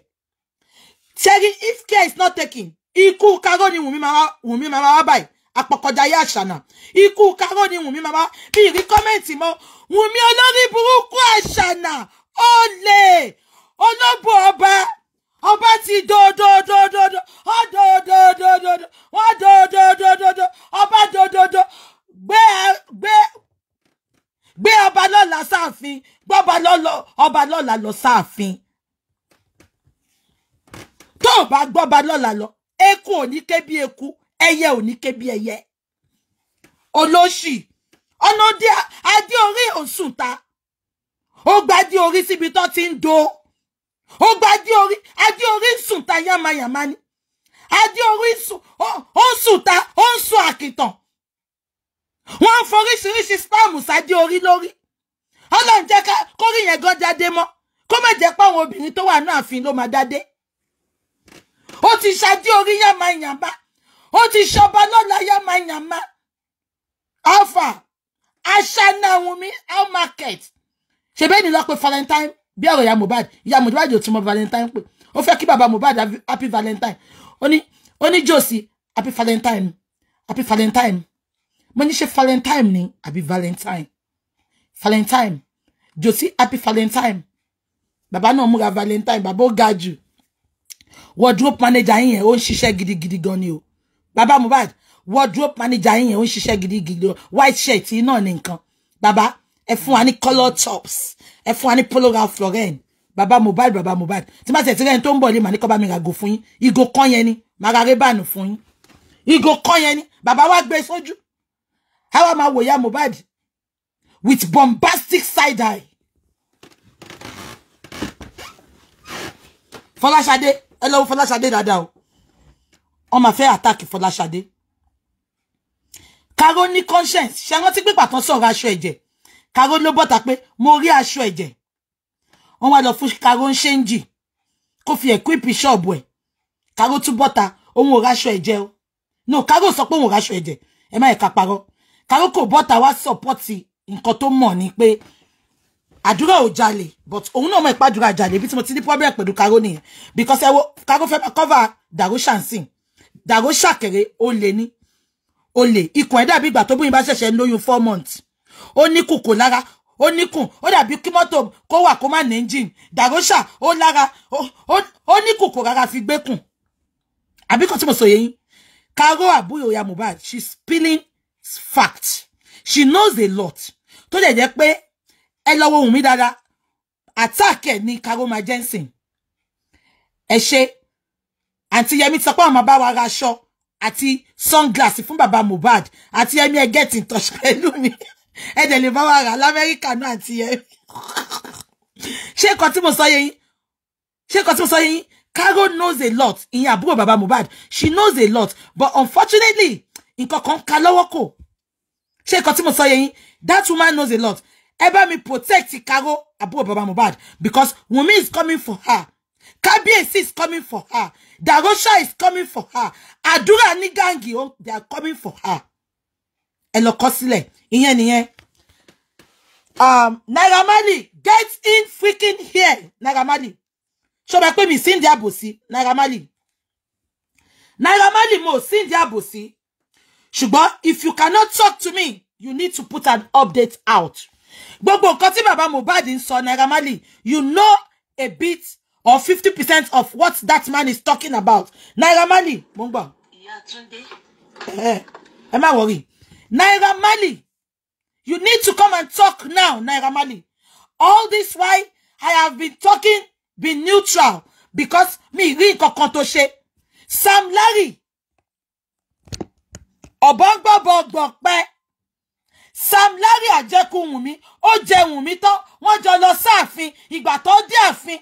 ṣẹ́rí if care is not taken ikú karó ni Wùnmí máa wá báyìí apọ̀kọjáyé àṣànà ikú karó ni Wùnmí máa wá bí ìrí kọ́mẹ́ǹtì mọ́ Wùnmí olórí burúkú àṣànà olè olóbò ọba ọba ti dòdòdòdòdò ọdòdòdòdòdò wọn dòdòdòdòdò ọba dòdòdò gbé gbé gbé ọba lọ́la sáàfin gbọ́ba lọ́la ọba lọ́la lọ sáàfin tó o bá gbọ́ba lọ́la lọ eku ò ké bí eku ẹyẹ ò ní ké bí ẹyẹ olóṣì ọ̀nà adé orí òsùn ta ó gba adé orí síbi tó ti ń do ó gba adé orí adé orí sùn ta yàmàyàmá ni adé orí sùn ó sùn ta ó ń sun àkìtàn wọ́n foríṣiríṣi spáàmù sáde orí lórí ọlọ́run jẹ́ kórìyẹn gan jáde mọ́ kó má jẹ́ pé àwọn obìnrin tó wà náà àfin ló máa dáadé ó ti ṣadé orí yàmáyàmá ó ti ṣọba lọ́la yàmáyàmá alpha aṣánáwumi almarket ṣebí ẹni lọ pé valentine bí ọ̀rọ̀ ìyá mohbad ìyá mohbad ò tún mọ valentine pé ó fẹ́ kí bàbá mohbad happy valentine ó ní ó happy valentine happy valentine mo ní ṣe valentine ni àbí valentine valentine jòsí happy valentine bàbá náà múra valentine bàbá ó ga jù wardrobe manager yín yẹn ó ń ṣiṣẹ́ gidigidi gan ni o bàbá Mohbad wardrobe manager yín yẹn ó ń ṣiṣẹ́ gidigidi white shirt yìí náà ni nǹkan Baba, ẹ fún wa ní colour tops ẹ fún wa ní pologa florin Baba Mohbad bàbá Mohbad tí má tẹ̀sí rẹ́ni tó ń bọ̀ ní màní kọ́ bá mi ràgò fún yín ìgò kan yẹn ni màá ra rébànù fún yín ìgò kan yẹn ni bàbá wa gbé sójú ẹ wá máa wòyà Mohbad with bombastic side eye Fọláṣadé ẹ lọ Fọláṣadé on o wọ́n attack fẹ́ àtàkì Fọláṣadé Karo ní conscience ṣe rántí pé pàtó sọ̀rọ̀ aṣọ ẹ̀jẹ̀ Karo ló bọ́ta pé mo rí aṣọ ẹ̀jẹ̀ wọ́n wá lọ fún Karo ń ṣe ń jì kó fi ẹ̀kúìpì ṣọ́ọ̀bù ẹ̀ Karo tún bọ́ta òun ò o no Karo sọ pé òun ò raṣọ ẹ̀jẹ̀ ẹ má yẹ ká parọ́ Karo kò bọ́ta wá sọ̀pọ́tì nǹkan tó mọ̀ ni àdúrà ò jalè but òun náà mọ̀ ìpá àdúrà jalè ibi tí mo ti ní problem pẹ̀lú karo nìyẹn because ẹ wo karo fẹ́ cover dàrú ṣàǹsìn dàrú ṣàkèrè ó lè ní ó lè ikùn ẹ̀ dàbí ìgbà tó bóyin bá ṣẹ̀ṣẹ̀ lóyún four months ó ní kùkù lára ó níkùn ó dàbí kí mọ́tò kó wà kó má ní engine dàrósà ó lára ó níkùn kò rárá fi gbé kùn àbí kan tí mo sọ yẹn Karo àbúrò ya Mohbad she's spilling facts she knows a lot tó dẹ̀ jẹ́ pé ẹ lọ́wọ́ Wùnmí dáadáa attack ẹ̀ ní Karoma Jensen ẹ ṣe àǹtí Yẹmí sọ pé àwọn máa bá wa ra aṣọ àti sunglass fún bàbá Mohbad àti Yẹmí ẹ get in touch pẹ̀lú mi ẹ dẹ̀ lè bá wa rà lamẹ́ríkà náà àǹtí Yẹmí ṣé nǹkan tí mo sọ yẹ yín ṣé nǹkan tí mo sọ yẹ yín Caro knows a lot ìyẹn àbúrò baba Mohbad she knows a lot but unfortunately nǹkan kan ka lọ́wọ́ kò ṣé nǹkan tí mo sọ yẹ yín that woman knows a lot Ever me mi protect Karo àbúrò Baba Mohbad because Wunmi is coming for her Kábíyèsí is coming for her Darosha is coming for her Adura ní gàǹgì oh, they are coming for her ẹ lọ kọ sílẹ̀ um, Naira get in freaking here Naira Marley ṣọba pé mi síndìí àbòsí Naira Marley Naira Marley mo síndìí àbòsí ṣùgbọ́n if you cannot talk to me you need to put an update out gbogbo nǹkan tí bàbá Mohbad ń sọ Naira Marley you know a bit or fifty percent of what that man is talking about Naira Marley mo ń gbọ́. ìyá Túndé. ẹ má wọrí Naira Marley you need to come and talk now Naira Marley all this while I have been talking be neutral because mi rí nǹkan kan tó ṣe Sam Larry ọ̀bọ̀ngbọ̀bọ̀gbọ̀ pẹ́. Sam Larry àjẹkù Wùnmí ó jẹ Wùnmí tán wọ́n jọ lọ sáàfin ìgbà tó dé àfin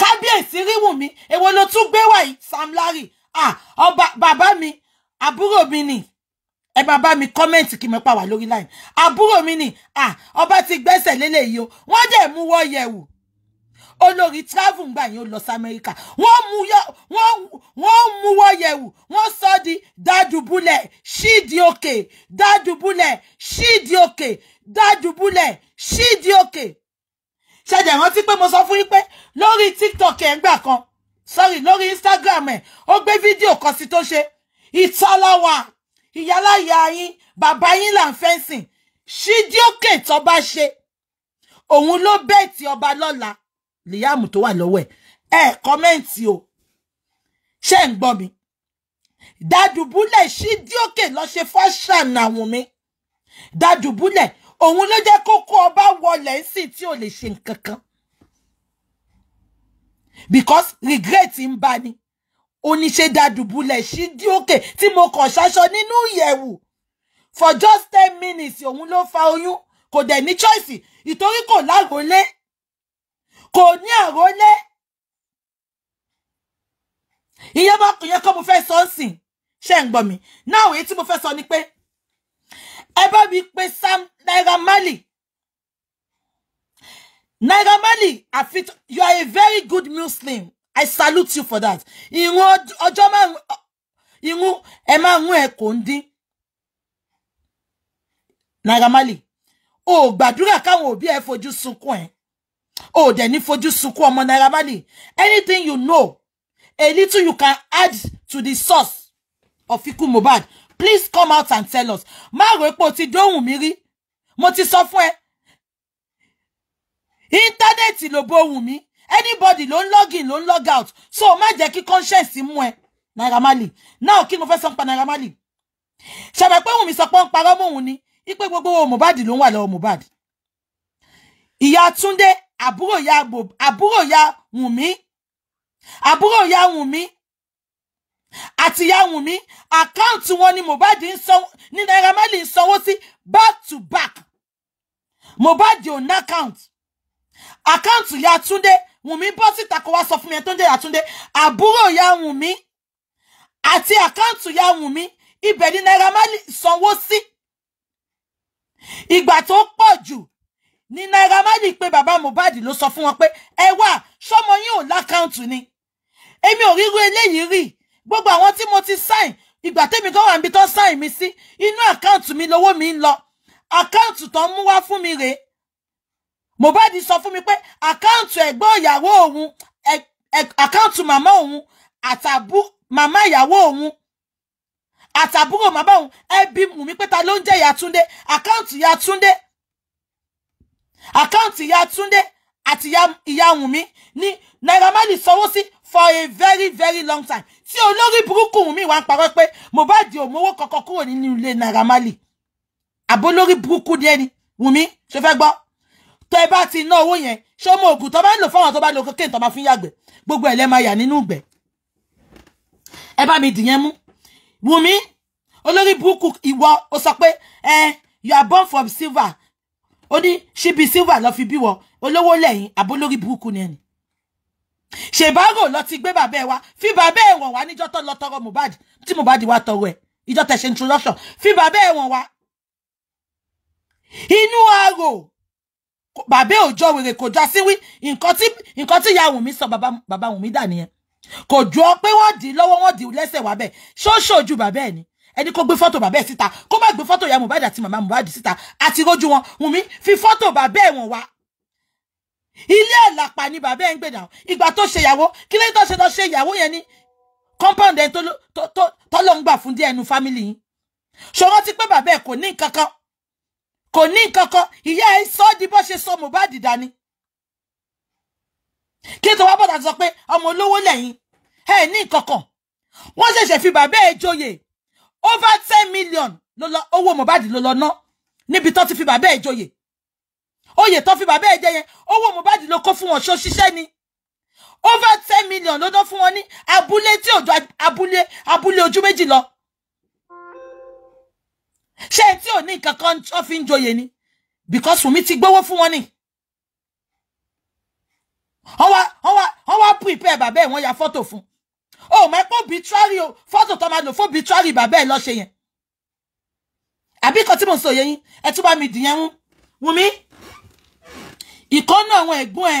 kábíyèsí rí Wùnmí èwo ló tún gbé wá Sam Larry ah ọba bàbá mi àbúrò mi nì ẹ bàbá mi kọ́mẹ́ǹtì kí mẹ́pà wà lórí line àbúrò mi nì ah ọba ti gbẹ́sẹ̀ lélẹ̀ yìí o wọ́n dẹ̀ mú wọ́ yẹ̀wò olórí travel ń gbà yín ó lọ sí amẹ́ríkà wọ́n mú wọ́ yẹ̀wù wọ́n sọ di dádùbúlẹ̀ ṣídìí òkè dádùbúlẹ̀ ṣídìí òkè dádùbúlẹ̀ ṣídìí òkè ṣẹ̀dẹ̀ rántí pé mo sọ fún yín pé lórí tiktok ẹ̀ ń gbà kan sorry lórí instagram ẹ̀ ó gbé fídíò kan sí tó ṣe ìtọ́lọ́wà ìyáláyà yín bàbá yín là ń fẹ́ǹsìn ṣídìí òkè tó bá ṣe òun ló bẹ́ẹ̀tì ọba lọ́la Liam tó wà lọ́wọ́ eh ẹ̀ kọ́mẹ́ǹtì o ṣé ń gbọ́ mi dàdùbúlẹ̀ lo lọ ṣe fashion àwọn mi dàdùbúlẹ̀ òun ló jẹ́ kókó ọba wọlé sí tí ò lè ṣe nǹkan kan because regret ń bá ni oníṣe dàdùbúlẹ̀ Sídíòkè tí mo kàn ṣaṣọ nínú ìyẹ̀wù for just ten minutes òun ló fa oyún kò dẹ̀ ní choice ko kò láròlé kò ní àrólé ìyẹn bá kùn yẹn kọ́ mo fẹ́ sọ ń sìn ṣe ń gbọ́ mi náà èyí tí mo fẹ́ sọ ni pé ẹ bá mi pe Sam Naira Marley Naira Marley àfi you are a very good Muslim I salute you for that ìrun ọjọ́ márùn ìrun ẹ máa rún ẹ kò ń dín Naira Marley o gbàdúrà káwọn òbí ẹ fojú sunkún ẹ Oh, dẹ̀ ní fojú sunkún ọmọ Naira Marley anything you know a little you can add to the source of ikú Mohbad please come out and tell us má rò pé o ti dóhùn mi rí mo ti sọ fún anybody ló log in ló log out so má jẹ́ kí conscience mú ẹ Naira Now, náà kí ni mo fẹ́ sọ ń pa Naira Marley ṣàbẹ̀ pé òun mi sọ pé ó ń parọ́ mọ́ òun ni ipe àbúrò ya àbúrò ya Wùnmí àbúrò ya Wùnmí àti ya Wùnmí àkáǹtì wọn ni Mohbad ń sanwó ní Naira Marley ń sanwó sí back to back Mohbad ò ní àkáǹtì àkáǹtì ya Túndé Wùnmí bọ́ síta kó wá sọ fún mi ẹ tó ń ya Túndé àbúrò ya Wùnmí àti àkáǹtì ya Wùnmí ibẹ̀ ni Naira Marley sanwó sí ìgbà tó pọ̀ jù Ni Naira Marley pé baba Mohbad ló sọ fún wọn pé ẹ wà ṣọmọ yín ò lákàǹtù ni èmi ò ríru eléyìí rí gbogbo àwọn tí mo ti sign ìgbà tèmi kan wà níbi tó sign mi sí inú àkáǹtù mi lówó mi ń lọ àkáǹtù tó ń mú wá fún mi rèé Mohbad sọ fún mi pé àkáǹtù ẹ̀gbọ́n ìyàwó òun àkáǹtù màmá òun àtàbú màmá ìyàwó òun àtàbúrò màmá òun ẹbí mú mi pé ta ló ń jẹ́ ìyá àkáǹtù ìyá àkáǹtì ìyá Túndé àti ìyá Wùnmí ní Naira Marley sanwó sí for a very very long time tí olórí burúkú Wùnmí wá ń parọ́ pé Mohbad ò mówó kankan kúrò nínú ilé Naira Marley àbó lórí burúkú ni ẹni Wùnmí ṣe fẹ́ gbọ́ tẹ bá ti ná owó yẹn ṣé ọmọ ògùn tó bá ń lò fáwọn tó bá lo cocaine tó bá fi ń yàgbẹ́ gbogbo ẹ̀ lẹ́ máa yà nínú ìgbẹ́ ẹ bá mi dìyẹn mú Wùnmí olórí burúkú ìwọ ó sọ pé ẹ eh, you are born from ó ní ṣíbi silver lọ fi bí wọ olówó lẹ́yìn àbólórí burúkú ni ẹni ṣèbárò lọ ti gbé bàbá ẹ wá fi bàbá ẹ wọ̀n wá níjọ́ tó lọ tọrọ Mohbad tí Mohbad wá tọrọ ẹ ìjọ tẹ̀sí introduction fi bàbá ẹ wọ̀n wá inú arò bàbá òjọ wèrè kò já sí wí nǹkan tí nǹkan tí ìyá Wùnmí sọ bàbá bàbá Wùnmí dà nìyẹn kò jọ pé wọ́n dì í lọ́wọ́ wọ́n dì í lẹ́sẹ̀ wá bẹ́ẹ̀ ṣó ṣojú bàbá ẹ ni ẹni kó gbé fọ́tò bàbá ẹ̀ síta kó má gbé fọ́tò ìyá Mohbad àti màmá Mohbad síta àti rojú wọn Wùnmí fi fọ́tò bàbá ẹ̀ wọ̀n wá ilé àlàpà ni bàbá ẹ̀ ń gbèdà ìgbà tó ṣe ìyàwó kí lẹ́yìn tó ṣe lọ ṣe ìyàwó yẹn ní compound ẹ̀ tó lọ ń gbà fún díẹ̀ nu family yìí ṣòro ti pé bàbá ẹ̀ kò ní nǹkan kan kò ní nǹkan kan ìyá ẹ̀ sọ ọ́ di bó ṣe sọ Mohbad dání kí wọ́n ṣẹ̀ṣẹ̀ fi bàbá ẹ̀ joyè over ten million ló lọ owó Mohbad ló lọ ná níbi tó ti fi bàbá ẹ̀ joyè oyè tó fi bàbá ẹ̀ jẹ yẹn owó Mohbad ló kó fún wọn ṣó ṣiṣẹ́ ni over ten million ló ná fún wọn ní abúlé tí òjò abúlé abúlé ojú méjì lọ ṣé ẹ tí ò ní nǹkan kan tó fi ń joyè ni because Wùmí ti gbowó fún wọn ni wọ́n wá wọ́n wá wọ́n wá pù ìpẹ́ bàbá ẹ̀ wọ́n ya fọ́tò fún o mọ̀ pé bìtúárì o fọ́tò tó máa lò fún bìtúárì bàbá ẹ̀ lọ́ṣẹ̀ yẹn àbí kan tí mo sọ yẹn ẹ tún bá mi dìyẹn mú Wùmí ìkọ́nà àwọn ẹ̀gbọ́n ẹ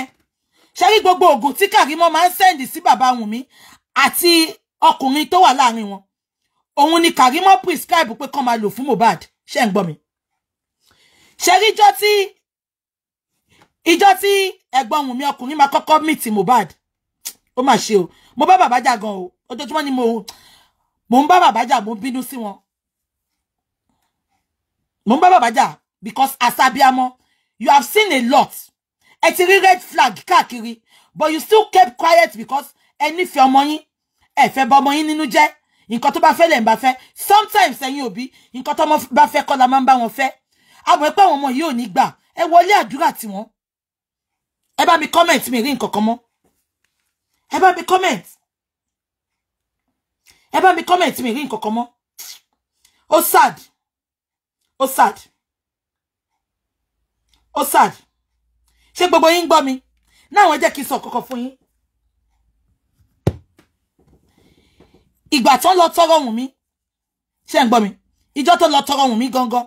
ṣe rí gbogbo oògùn tí Kàrímọ́ máa ń sẹ́ǹdì sí bàbá Wùmí àti ọkùnrin tó wà láàrin wọn òun ni Kàrímọ́ prescribe pé kán máa lò fún Mohbad ṣe ń gbọ́ mi ṣe rí ijọ́ tí ijọ́ tí ẹ̀gbọ́n Wùmí ọkùnrin máa kọ́kọ́ mìtì Mohbad ó mà ṣe o mo bá bàbá jà gan o ojoojúmọ́ ni mo mo ń bá bàbá mo ń bínú sí wọn mo ń bá bàbá because asabiamọ you have seen a lot ẹ ti red flag káàkiri but you still kept quiet because any nífẹ̀ẹ́ ọmọ yín ẹ fẹ́ bá ọmọ yín nínú jẹ́ nǹkan tó bá fẹ́ lẹ̀ ń bá fẹ́ sometimes ẹ̀yin òbí nǹkan tó bá fẹ́ kọ́ la máa ń bá wọn fẹ́ àmọ́ ẹ pé àwọn ọmọ yìí ò ní gbà ẹ wọlé àdúrà tiwọn ẹ mi comment mi rí nǹkan kan mọ́ Eba, bá mi comment Eba, bá mi comment mi rí nǹkan kan mọ́ sad ó sad ó sad ṣé gbogbo yín gbọ́ mi náà wọ́n jẹ́ kí n sọ kọ̀kọ̀ fún yín ìgbà tán lọ tọrọ wùn mí ṣé mi ìjọ tó lọ tọrọ wùn mí gangan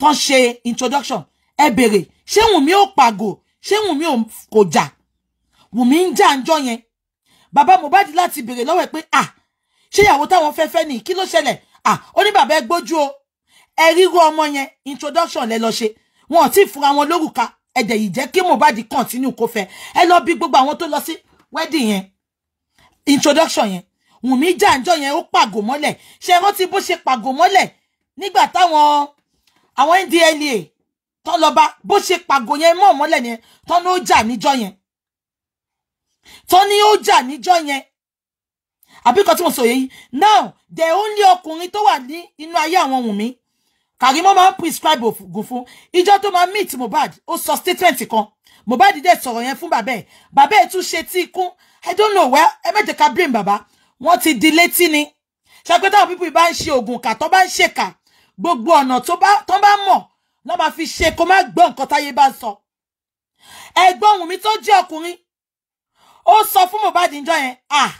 tán ṣe introduction ẹ bèrè ṣé wùn mí ò pàgò ṣé wùn mí kò jà Wùmí ń jà ń jọ yẹn bàbá Mohbad láti béèrè lọ́wọ́ ẹ̀ pé à ṣé ìyàwó táwọn fẹ́ ni nìyí kí ló ṣẹlẹ̀ à ó ní bàbá ẹ gbójú o ẹ ríro ọmọ yẹn introduction lẹ lọ ṣe wọn ò fura wọn lórúka ẹ̀dẹ̀ yìí jẹ́ kí Mohbad continue kó fẹ́ ẹ lọ bí gbogbo àwọn tó lọ sí wedding yẹn introduction yẹn Wùmí jàǹjọ yẹn ó pàgò mọ́lẹ̀ ṣe rántí bó ṣe pàgò mọ́lẹ̀ nígbà táwọn àwọn NDLEA tán lọ bá bó ṣe pàgò yẹn mọ́ mọ́lẹ̀ yẹn tán ló jà níjọ yẹn tó ní ó jà níjọ́ yẹn àbí kan tí mo sọ yẹn now the only ọkùnrin tó wà ní inú ayé àwọn Wùnmí Karimo máa ń prescribe oògùn fún ìjọ tó máa meet Mohbad ó sọ statement kan Mohbad dẹ̀ sọ̀rọ̀ yẹn fún bàbá ẹ̀ bàbá ẹ̀ tún ṣe tí ikún I don't know well ẹ mẹ́jẹ̀ ká blame bàbá wọ́n ti di létí ni ṣàpẹ́ táwọn pípọ̀ bá ń ṣe oògùn kà tó bá ń ṣèkà gbogbo ọ̀nà tó bá mọ̀ lọ́ máa fi ṣe kó má gbọ́ nǹkan táyé bá ń sọ ẹ̀gbọ́n Wùnmí tó jẹ́ ọkùnrin ó sọ fún Mohbad níjọ́ yẹn ah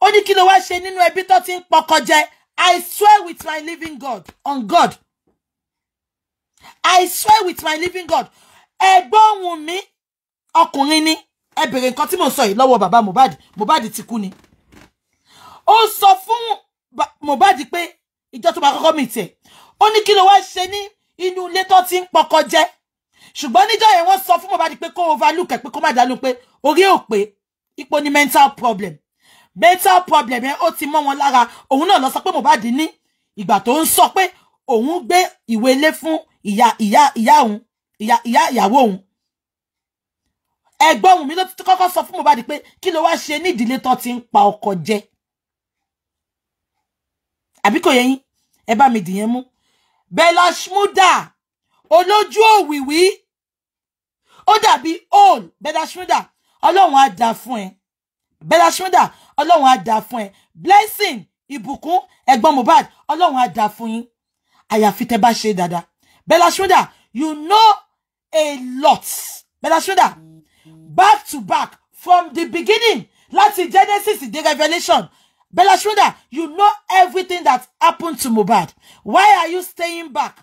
ó ní kí ló wá ṣe nínú ẹbí tó ti ń pọkọ jẹ I swear with my living God on God I swear with my living God ẹ̀gbọ́n wùn mí ọkùnrin ni ẹ bèrè nǹkan tí mò ń sọ yìí lọ́wọ́ bàbá Mohbad Mohbad ti kú ni ó sọ fún Mohbad pé ìjọ tó máa kọ́kọ́ mi tiẹ̀ ó ní kí ló wá ṣe ní inú ilé tó ti ń pọkọ jẹ ṣùgbọ́n níjọ́ yẹn wọ́n sọ fún Mohbad pé kó overlook ẹ̀ pé kó má dá pé orí ò pé ipò ní mental problem mental problem yẹn ó ti mọ́ wọn lára òun náà lọ sọ pé Mohbad ní ìgbà tó ń sọ pé òun gbé ìwé ilé fún ìyá ìyá ìyá òun ìyá ìyá ìyàwó òun ẹ̀gbọ́n òun mi ló ti kọ́kọ́ sọ fún Mohbad pé kí ló wá ṣe ní tó ti ń pa ọkọ jẹ àbí kò yẹ yín ẹ bá mi dìyẹn mú bella shmuda olójú òwìwí ó dàbí old bella shmuda ọlọ́run á dá fún ẹ Bella Shmurda ọlọ́run á dá fún ẹ blessing ìbùkún ẹ̀gbọ́n Mohbad ọlọ́run á dá fún yín àyàfi tẹ́ bá ṣe dáadáa Bella Shmurda you know a lot Bella Shmurda back to back from the beginning láti Genesis dé Revelation Bella Shmurda you know everything that happened to Mohbad why are you staying back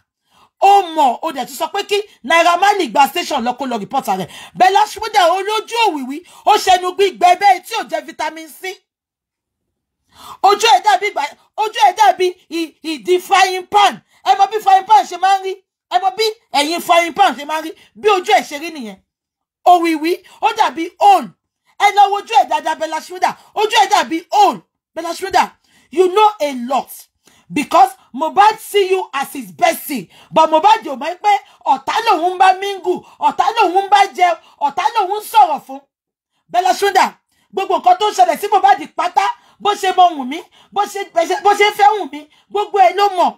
ó mọ̀ ó dẹ̀ tún sọ pé kí Naira Marley gba station lọ́kọ́ lọ rìpọ́tà rẹ̀ Bella Shmurda olójú òwìwí ó ṣẹnu gbígbẹ bẹ́ẹ̀ tí ò jẹ́ vitamin C ojú ẹ̀ dàbí ojú ẹ̀ dàbí ìdí frying pan ẹ mọ̀ bí frying pan ṣe máa ń rí ẹ mọ̀ bí ẹ̀yìn frying pan ṣe máa ń rí bí ojú ẹ̀ ṣe rí nìyẹn òwìwí ó dàbí old ẹ lọ wojú ẹ̀ dáadáa Bella Shmurda ojú ẹ̀ dàbí old Bella Shmurda you know a lot because Mohbad see you as his bestie but Mohbad ò mọ̀ pé ọ̀tá lòun bá mingu ọ̀tá lòun bá jẹ ọ̀tá lòun sọ̀rọ̀ fún Bella Shmurda gbogbo nǹkan tó ń ṣẹlẹ̀ sí Mohbad pátá bó ṣe mọ wùn mí bó ṣe fẹ́ wùn mí gbogbo ẹ̀ ló mọ̀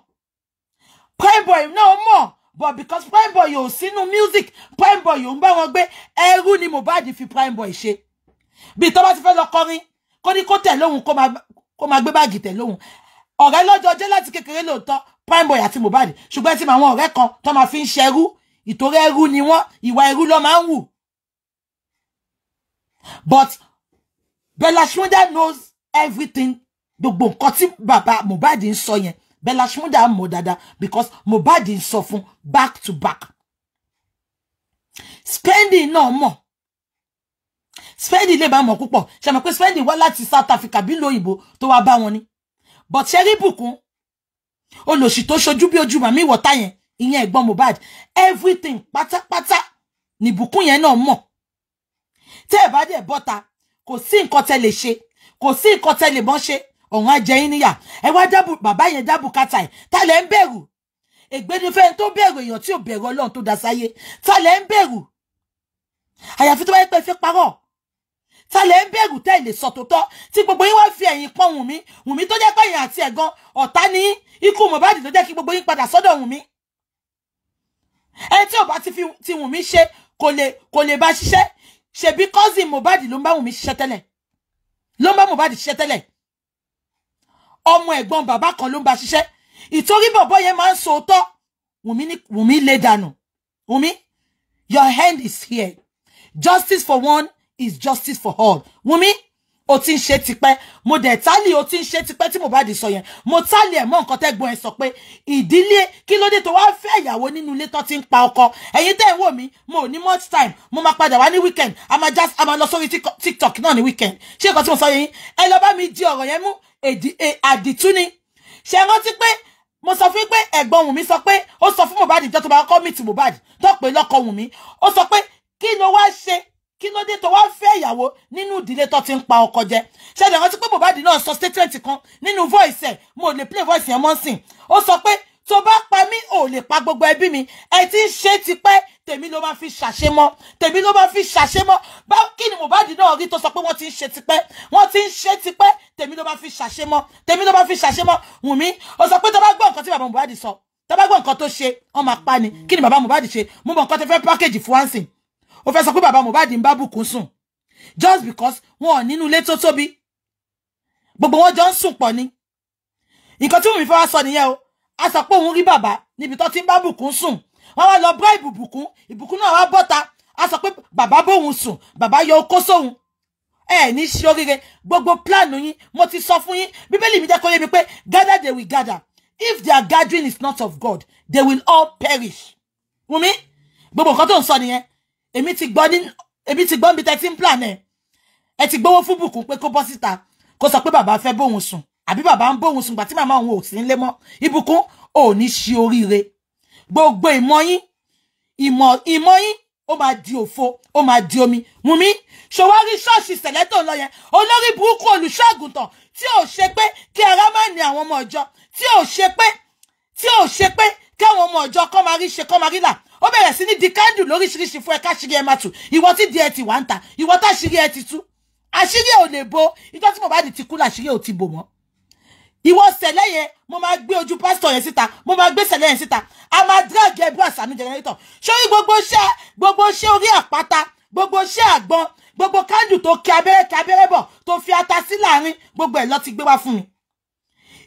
Primeboy náà mọ̀ but because Primeboy ò sínú music Primeboy ò ń bá wọn gbé ẹrú ni Mohbad fi Primeboy ṣe bí tó bá ti fẹ́ lọ kọrin kó ní kó tẹ̀ lóhùn kó máa gbé báàgì tẹ̀ lóhùn ọ̀rẹ́ lọ́jọ́ láti kékeré lóòótọ́ Primeboy àti Mohbad ṣùgbọ́n tí àwọn ọ̀rẹ́ kan tó máa fi ń ṣerú ìtorí ẹrú ni wọ́n ìwà ẹrú ló máa ń wù but Bella Shmurda knows everything gbogbo nǹkan tí bàbá Mohbad ń sọ yẹn Bella Shmurda mọ̀ dáadáa because Mohbad ń sọ fún back to back spending náà mọ̀ spending lè bá mọ̀ púpọ̀ ṣe mọ̀ pé spending wá láti South Africa bí lóyìnbó tó wá bá wọn ni but ṣe rí bùkún olòṣì tó ṣojú bí ojú màmí ìwọ̀ta yẹn ìyẹn ẹ̀gbọ́n Mohbad everything pátápátá ní ni yẹn náà mọ̀ tẹ́ ẹ̀ bá dẹ̀ bọ́ta kò sí kote tẹ́ lè ṣe kò sí nǹkan tẹ́ lè mọ́ ṣe ọ̀hún ajẹ́yìn níyà ẹ wá dábù bàbá yẹn dábù kàtà ẹ̀ ta lẹ̀ ń bẹ̀rù ègbénifẹ́ tó bẹ̀rù èèyàn tí ò bẹ̀rù ọlọ́run tó dá sáyé ta lẹ̀ ń bẹ̀rù àyàfi tó bá yẹ pé tẹ́lẹ̀ ń bẹ̀rù tẹ́lẹ̀ sọ̀tòtọ́ tí gbogbo yín wá fi ẹ̀yìn pọ́n Wùnmí Wùnmí tó jẹ́ pé ẹ̀yìn àti ẹ̀gan ọ̀tá ní ikú Mohbad ló jẹ́ kí gbogbo yín padà sọ́dọ̀ Wùnmí ẹni tí ò bá ti fi ti Wùnmí ṣe kò lè kò lè bá ṣiṣẹ́ ṣebí cousin Mohbad ló ń bá Wùnmí ṣiṣẹ́ tẹ́lẹ̀ ló ń bá Mohbad ṣiṣẹ́ tẹ́lẹ̀ ọmọ ẹ̀gbọ́n bàbá kan ló ń bá ṣiṣẹ́ ìtorí bọ̀bọ́ yẹn máa ń so tọ́ Wùnmí ní Wùnmí lè dànù Wùnmí your hand is here justice for one is justice for all Wumi o ti ń ṣe tipẹ́ mo dẹ̀ tálì o ti ń ṣe tipẹ́ tí Mohbad sọ yẹn mo tálì ẹ̀ mọ́ nǹkan tẹ́gbọ́n ẹ sọ pé ìdílé kí ló dé tó wá fẹ́ ìyàwó nínú ilé tó ti ń pa ọkọ ẹ̀yin tẹ́ ẹ̀ wò mí mo ò ní much time mo máa padà wá ní weekend a máa just a máa lọ sórí tiktok náà ní weekend ṣé nǹkan tí mo sọ yẹn ẹ lọ bá mi di ọ̀rọ̀ yẹn mú e, àdìtú ni ṣe rántí pé mo sọ fún pé ẹ̀gbọ́n Wùnmí sọ pé ó sọ fún Mohbad ìjọ tó bá kọ́ mìtì Mohbad tó pé lọ́kọ Wùnmí ó sọ pé kí ló wá ṣe kí ló dé tó wá fẹ́ ìyàwó nínú ìdílé tó ti ń pa ọkọ jẹ ṣẹlẹ̀ rántí pé Mohbad náà sọ statement kan nínú voice ẹ̀ mo lè play voice yẹn mọ́ sìn ó sọ pé tó bá pa mí ò lè pa gbogbo ẹbí mi ẹ ti ń ṣe tipẹ́ tèmi ló máa fi ṣàṣemọ́ tèmi ló máa fi ṣàṣemọ́ bá kí ni Mohbad náà rí tó sọ pé wọ́n ti ń ṣe tipẹ́ wọ́n ti ń ṣe tipẹ́ tèmi ló máa fi ṣàṣemọ́ tèmi ló máa fi ṣàṣemọ́ Wùnmí ó sọ pé tó bá gbọ́ nǹkan tí bàbá Mohbad sọ tó bá gbọ́ nǹkan tó ṣe wọ́n máa pa ni kí ni bàbá Mohbad ṣe mo mọ nǹkan tó fẹ́ package fún wánsìn o fẹ́ sọ pé bàbá Mohbad ń bá bùkún sùn just because wọn ò nínú ilé tó tóbi gbogbo wọn jọ ń sùn pọ̀ ni nǹkan tí òun fi wá sọ nìyẹn o a sọ pé òun rí bàbá níbi tó ti ń bá bùkún sùn wọn wá lọ bribe bùkún ìbùkún náà wá bọ́ta a sọ pé bàbá bóun sùn bàbá yọ okó sóhun ẹ ní ṣe oríire gbogbo plan yín mo ti sọ fún yín bíbélì mi jẹ́ kó yé mi pé gather they will gather if their gathering is not of God they will all perish wùmí gbogbo nǹkan tó ń sọ èmi ti gbọ́ ní èmi ti gbọ́ níbi tẹ́ plan ẹ̀ ẹ ti gbowó fún bùkún pé kó bọ́ síta kó sọ pé bàbá fẹ́ bóun sùn àbí bàbá ń bóun sùn gbà tí màmá òun ò sí nílé mọ́ ìbùkún ò ní ṣe oríire gbogbo ìmọ̀ yín ìmọ̀ ìmọ̀ yín ó máa di òfo ó máa di omi Wùmí ṣòwárí ṣọ́ọ̀ṣì sẹ̀lẹ́tò lọ yẹn olórí burúkú olùṣọ́àgùntàn tí ò ṣe pé kí ara má ní àwọn ọmọ ọjọ́ tí ò ṣe pé tí ò ṣe pé kí àwọn ọmọ ọjọ́ kọ́ máa rí ṣe kọ́ máa rí là ó bẹ̀rẹ̀ sí ní di kándù lóríṣiríṣi fún ẹ káṣírí ẹ má tù ìwọ tí di ẹ ti wà ń ta ìwọ táṣírí ẹ ti tú àṣírí ò lè bo ìjọ tí Mohbad ti kú làṣírí ò ti bò mọ́ ìwọ sẹ̀lẹ̀ yẹn mo máa gbé ojú pásítọ̀ yẹn síta mo máa gbé sẹ̀lẹ̀ yẹn síta a máa díràgì ẹbí àṣàánú jẹnẹrétọ̀ sórí gbogbo iṣẹ́ gbogbo iṣẹ́ orí àpáta gbogbo iṣẹ́ àgbọn gbogbo kándù tó kí abẹ́rẹ́ kí abẹ́rẹ́ bọ̀ tó fi ata sí láàrin gbogbo ẹ̀ lọ ti gbé wá fún mi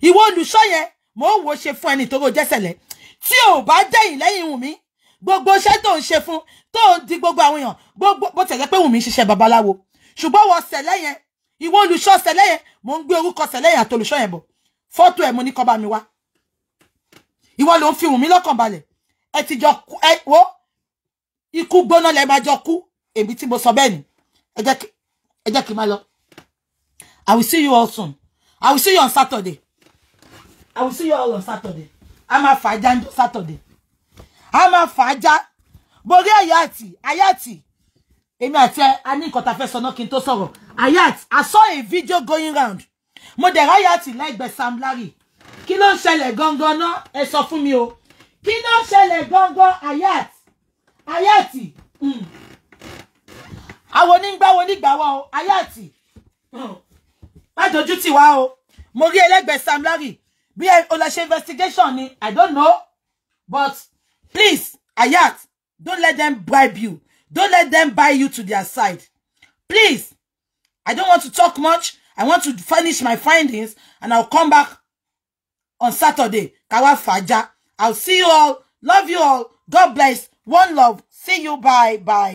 ìwọ olùṣọ́ yẹn mò ń wo ṣe fún ẹni tó ro jẹ́sẹ̀lẹ̀ tí ò bá jẹ́yìn lẹ́yìn wù mí gbogbo iṣẹ́ tó ń ṣe fún tó ń di gbogbo àwọn èèyàn gbogbo bó tẹ̀lé pé Wùnmí ṣiṣẹ́ babaláwo ṣùgbọ́n wọ sẹ̀lẹ̀ yẹn ìwọ olùṣọ́ sẹ̀lẹ̀ yẹn mò ń gbé orúkọ sẹ̀lẹ̀ yẹn àtolùṣọ́ yẹn bọ̀ fọ́tò ẹ̀ mo ní kọ́ mi wá ìwọ ló ń fi Wùnmí lọ́kàn balẹ̀ ẹ ti jọ kú ẹ wo ikú gbóná lẹ máa jọ kú èmi tí mo sọ bẹ́ẹ̀ ni ẹ jẹ́ kí n máa lọ I will see you all soon I will see you on Saturday I will see you all on Saturday I'm máa fà Saturday a máa fà á já borí ayat ayat èmi àti ẹ a ní nǹkan tá a fẹ́ sọ náà kí n tó sọ̀rọ̀ ayat I saw a video going round mo dẹ̀ ráyàtì lẹ́gbẹ̀ẹ́ Sam Larry kí ló ń ṣẹlẹ̀ gangan náà ẹ sọ fún mi o kí ló ń ṣẹlẹ̀ gangan ayat ayat hmm. àwọn onígbàwọ onígbàwọ o ayat hmm. má dojú tì wá o mo rí ẹlẹ́gbẹ̀ẹ́ Sam Larry bí ọlọ́ṣẹ́ investigation ni I don't know but Please, Ayat, don't let them bribe you. Don't let them buy you to their side. Please, I don't want to talk much. I want to finish my findings and I'll come back on Saturday. Kawa Faja. I'll see you all. Love you all. God bless. One love. See you. Bye. Bye.